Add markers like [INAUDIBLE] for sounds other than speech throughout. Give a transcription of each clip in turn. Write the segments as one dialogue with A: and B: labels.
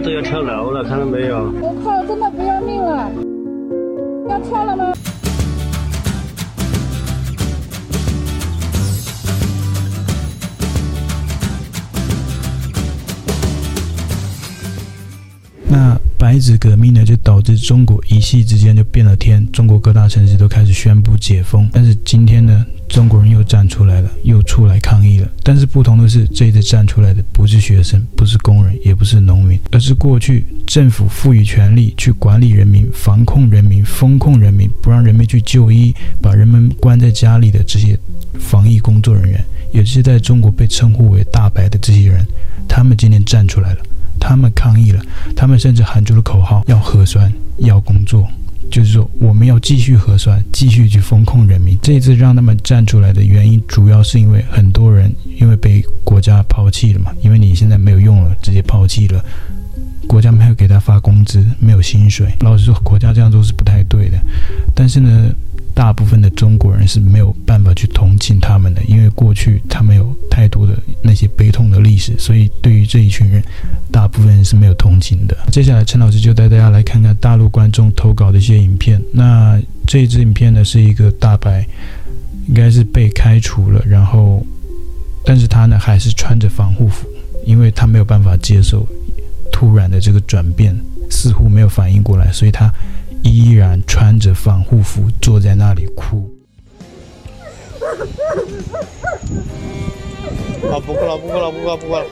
A: 都要跳樓了，看到沒有？我靠，真的不要命了！要跳了嗎？那。白紙革命呢，就導致中國一夕之間就變了天。中國各大城市都開始宣布解封，但是今天呢，中國人又站出來了，又出來抗議了。但是不同的是，這一次站出來的不是學生，不是工人，也不是農民，而是過去政府賦予權力去管理人民、防控人民、封控人民、不讓人民去就醫、把人們關在家裡的這些防疫工作人員，也是在中國被稱呼為“大白”的這些人，他們今天站出來了。他們抗議了，他們甚至喊出了口號：要核酸，要工作。就是說，我們要繼續核酸，繼續去封控人民。這一次讓他們站出來的原因，主要是因為很多人因為被國家拋棄了嘛，因為你現在沒有用了，直接拋棄了，國家沒有給他發工資，沒有薪水。老實說，國家這樣做是不太對的，但是呢。大部分的中國人是沒有辦法去同情他們的，因為過去他們有太多的那些悲痛的歷史，所以對於這一群人，大部分人是沒有同情的。接下來，陳老師就帶大家來看看大陸觀眾投稿的一些影片。那這一支影片呢，是一個大白，應該是被開除了，然後，但是他呢還是穿着防護服，因為他沒有辦法接受突然的這個轉變，似乎沒有反應過來，所以他依然穿着防護服坐在那裡哭。啊，不哭了，不哭了，不哭了，不哭了。不哭了。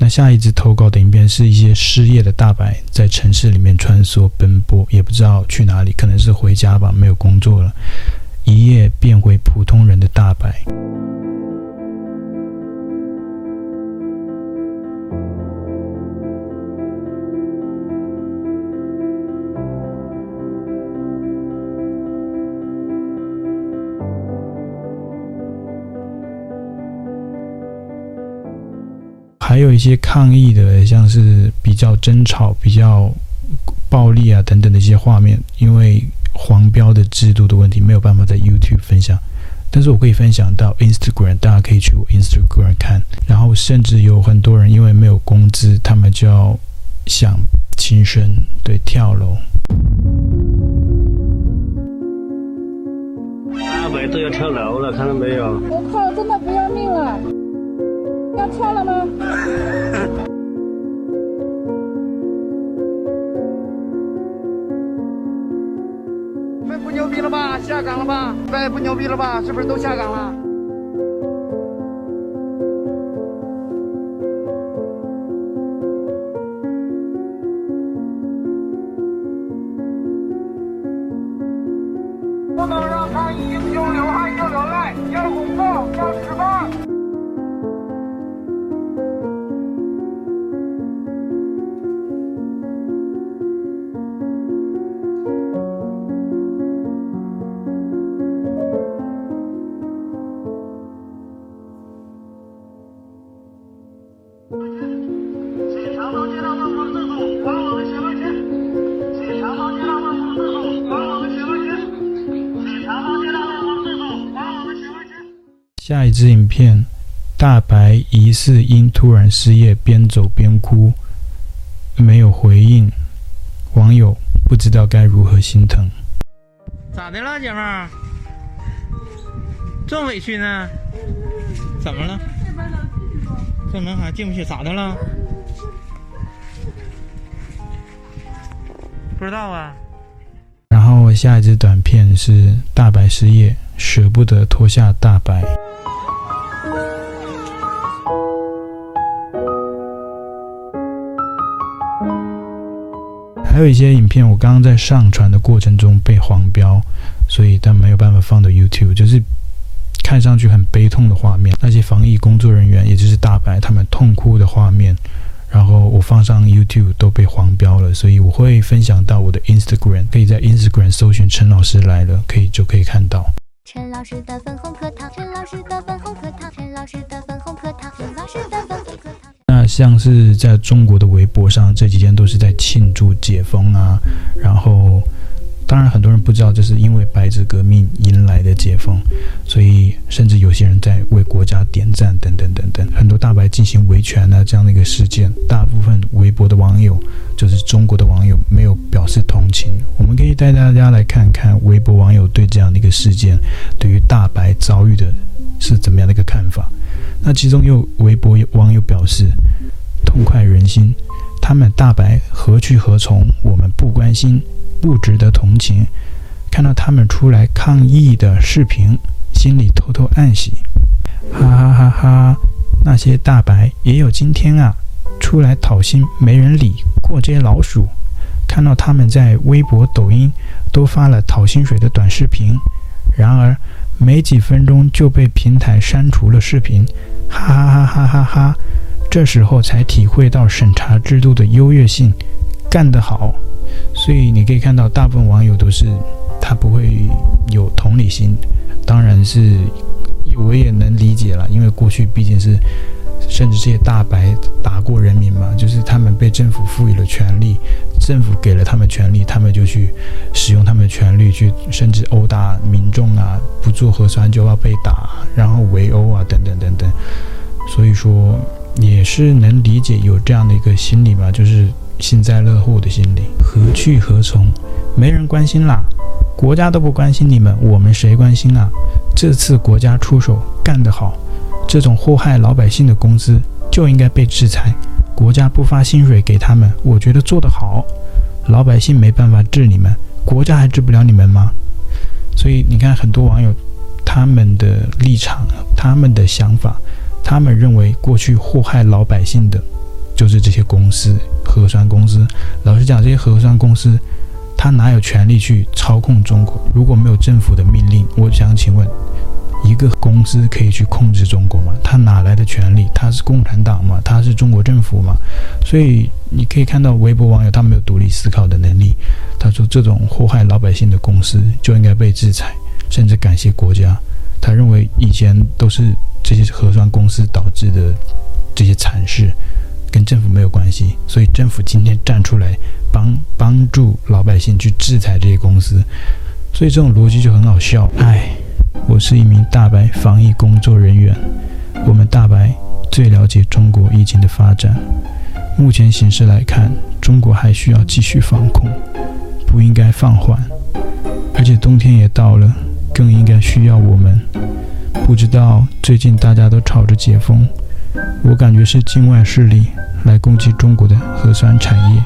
A: 那下一支投稿的影片是一些失業的大白在城市裡面穿梭奔波，也不知道去哪裡，可能是回家吧，沒有工作了，一夜變回普通人的大白。還有一些抗議的，像是比較爭吵、比較暴力啊等等的一些畫面，因為黃標的制度的問題，沒有辦法在 YouTube 分享，但是我可以分享到 Instagram，大家可以去 Instagram 看。然後甚至有很多人因為沒有工資，他們就要想輕生，對，跳樓。阿偉、啊、都要跳樓了，看到沒有？我靠，真的不要命了！要跳了嗎？你們 [LAUGHS] 不牛逼了吧？下崗了吧？你們不牛逼了吧？是不是都下崗了？一支影片，大白疑似因突然失業，邊走邊哭，沒有回應，網友不知道該如何心疼。咋的了，姐們兒？這麼委屈呢？怎麼了？這門好像進不去，咋的了？不知道啊。然後下一支短片是大白失業，捨不得脫下大白。還有一些影片，我剛剛在上傳的過程中被黃標，所以但沒有辦法放到 YouTube。就是看上去很悲痛的畫面，那些防疫工作人員，也就是大白，他們痛哭的畫面，然後我放上 YouTube 都被黃標了，所以我會分享到我的 Instagram，可以在 Instagram 搜尋“陳老師來了”，可以就可以看到。陳老師的像是在中國的微博上，這幾天都是在慶祝解封啊。然後，當然很多人不知道，這是因為白紙革命迎來的解封，所以甚至有些人在為國家點讚等等等等。很多大白進行維權的、啊、這樣的一個事件，大部分微博的網友就是中國的網友沒有表示同情。我們可以帶大家來看看微博網友對這樣的一個事件，對於大白遭遇的是怎麼樣的一個看法。那其中有微博網友表示。心，他們大白何去何從？我們不關心，不值得同情。看到他們出來抗議的視頻，心裡偷偷暗喜，哈哈哈哈！那些大白也有今天啊！出來討薪沒人理，過街老鼠。看到他們在微博、抖音都發了討薪水的短視頻，然而沒幾分鐘就被平台刪除了視頻，哈哈哈哈哈哈。這時候才體會到審查制度的優越性，幹得好，所以你可以看到，大部分網友都是他不會有同理心。當然是，我也能理解了，因為過去畢竟是，甚至這些大白打過人民嘛，就是他們被政府賦予了權力，政府給了他們權力，他們就去使用他們權力，去，甚至毆打民眾啊，不做核酸就要被打，然後圍毆啊，等等等等。所以說。也是能理解有這樣的一個心理吧，就是幸災樂禍的心理。何去何從？沒人關心啦，國家都不關心你們，我們誰關心啊？這次國家出手幹得好，這種禍害老百姓的公司就應該被制裁，國家不發薪水給他們，我覺得做得好。老百姓沒辦法治你們，國家還治不了你們嗎？所以你看，很多網友他們的立場，他們的想法。他們認為過去禍害老百姓的，就是這些公司，核酸公司。老實講，這些核酸公司，他哪有權利去操控中國？如果沒有政府的命令，我想請問，一個公司可以去控制中國嗎？他哪來的權利？他是共產黨嗎？他是中國政府嗎？所以你可以看到微博網友，他們有獨立思考的能力。他說，這種禍害老百姓的公司就應該被制裁，甚至感謝國家。他認為以前都是這些核酸公司導致的這些慘事，跟政府沒有關係，所以政府今天站出來幫幫助老百姓去制裁這些公司，所以這種邏輯就很好笑。哎，我是一名大白防疫工作人員，我們大白最了解中國疫情的發展。目前形勢來看，中國還需要繼續防控，不應該放緩，而且冬天也到了。更應該需要我們。不知道最近大家都吵着解封，我感覺是境外勢力來攻擊中國的核酸產業。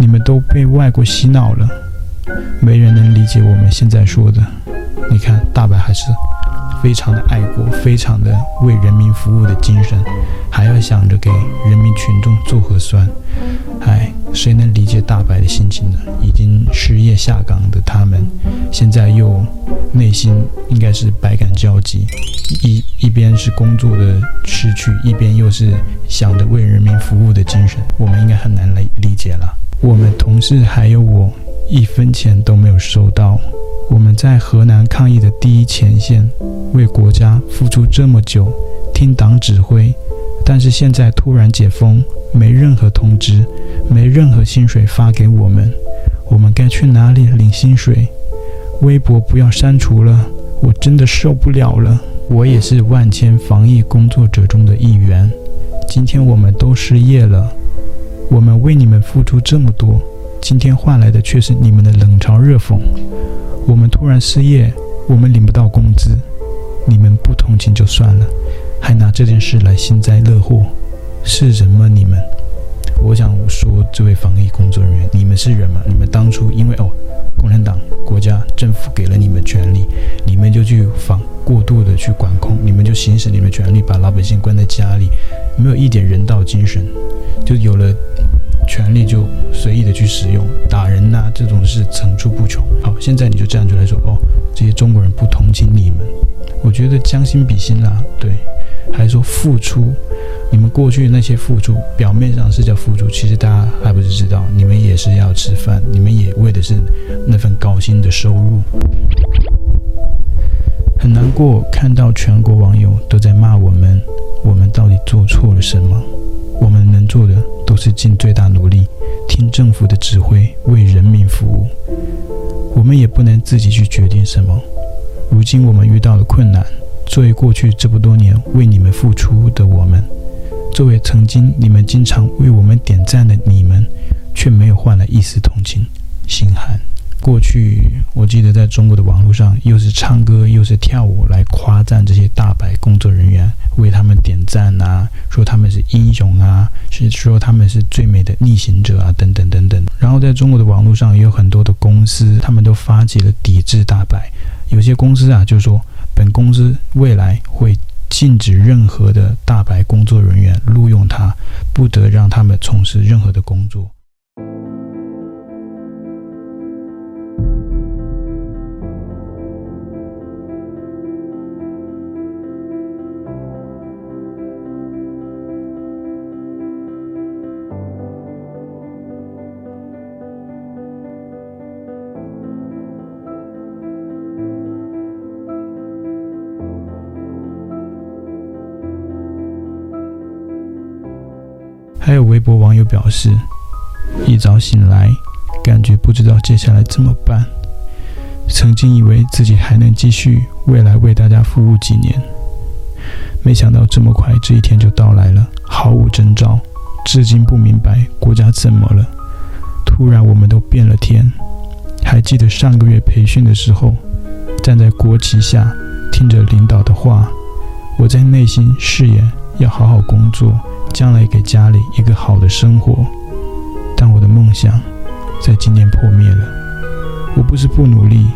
A: 你們都被外國洗腦了，沒人能理解我們現在說的。你看，大白還是非常的愛國，非常的為人民服務的精神，還要想着給人民群眾做核酸。唉。誰能理解大白的心情呢？已經失業下崗的他們，現在又內心應該是百感交集，一一邊是工作的失去，一邊又是想着為人民服務的精神，我們應該很難來理，理解了。我們同事還有我，一分錢都沒有收到。我們在河南抗疫的第一前線，為國家付出這麼久，聽黨指揮。但是現在突然解封，沒任何通知，沒任何薪水發給我們，我們該去哪裡領薪水？微博不要刪除了，我真的受不了了。我也是萬千防疫工作者中的一員，今天我們都失業了，我們為你們付出這麼多，今天換來的卻是你們的冷嘲熱諷。我們突然失業，我們領不到工資，你們不同情就算了。還拿這件事來幸災樂禍，是人嗎？你們？我想說，這位防疫工作人員，你們是人嗎？你們當初因為哦，共產黨、國家、政府給了你們權力，你們就去防過度的去管控，你們就行使你們權力，把老百姓關在家裡，沒有一點人道精神，就有了。權力就隨意的去使用，打人吶、啊，這種事層出不窮。好，現在你就站出來說，哦，這些中國人不同情你們，我覺得將心比心啦，對，還說付出，你們過去那些付出，表面上是叫付出，其實大家還不是知道，你們也是要吃飯，你們也為的是那份高薪的收入。很難過看到全國網友都在罵我們，我們到底做錯了什麼？我們能做的。是盡最大努力聽政府的指揮，為人民服務。我們也不能自己去決定什麼。如今我們遇到了困難，作為過去這麼多年為你們付出的我們，作為曾經你們經常為我們點讚的你們，卻沒有換來一絲同情，心寒。過去我記得在中國的網絡上，又是唱歌又是跳舞來誇讚這些大白工作人員。為他們點讚吶啊，說他們是英雄啊，是說他們是最美的逆行者啊，等等等等。然後在中國的網絡上也有很多的公司，他們都發起了抵制大白，有些公司啊就說本公司未來會禁止任何的大白工作人員錄用他，不得讓他們從事任何的工作。還有微博網友表示，一早醒來，感覺不知道接下來怎麼辦。曾經以為自己還能繼續未來為大家服務幾年，沒想到這麼快這一天就到來了，毫無徵兆。至今不明白國家怎麼了，突然我們都變了天。還記得上個月培訓的時候，站在國旗下，聽着領導的話，我在內心誓言要好好工作。將來給家裡一個好的生活，但我的夢想在今年破滅了。我不是不努力，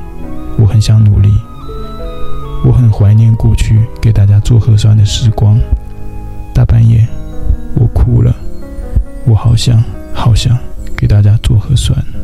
A: 我很想努力，我很懷念過去給大家做核酸的時光。大半夜，我哭了，我好想好想給大家做核酸。